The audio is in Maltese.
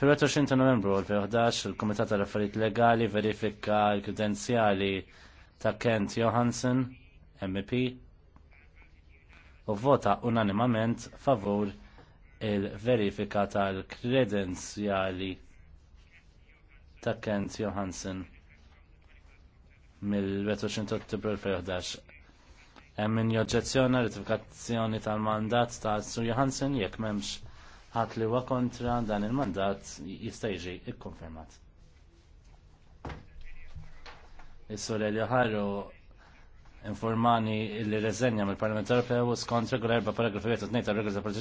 Fil-21 ta' novembru 2011, il-Komitat tal-Affarijiet Legali verifika l-kredenzjali ta' Kent Johansen, MEP, u vota unanimament favur il-verifika tal-kredenzjali ta' Kent Johansen mill-21 ottobru 2011. Hemm min joġġezzjona ratifikazzjoni tal-mandat ta' Sir Johansen jekk m'hemmx ħadd li huwa kontra dan il-mandat jista' jiġi ikkonfermat. Is-sur Elio Ħarru informani li reżenja mill-Parlament Ewropew skont regola erba' paragrafu 2 tar-regola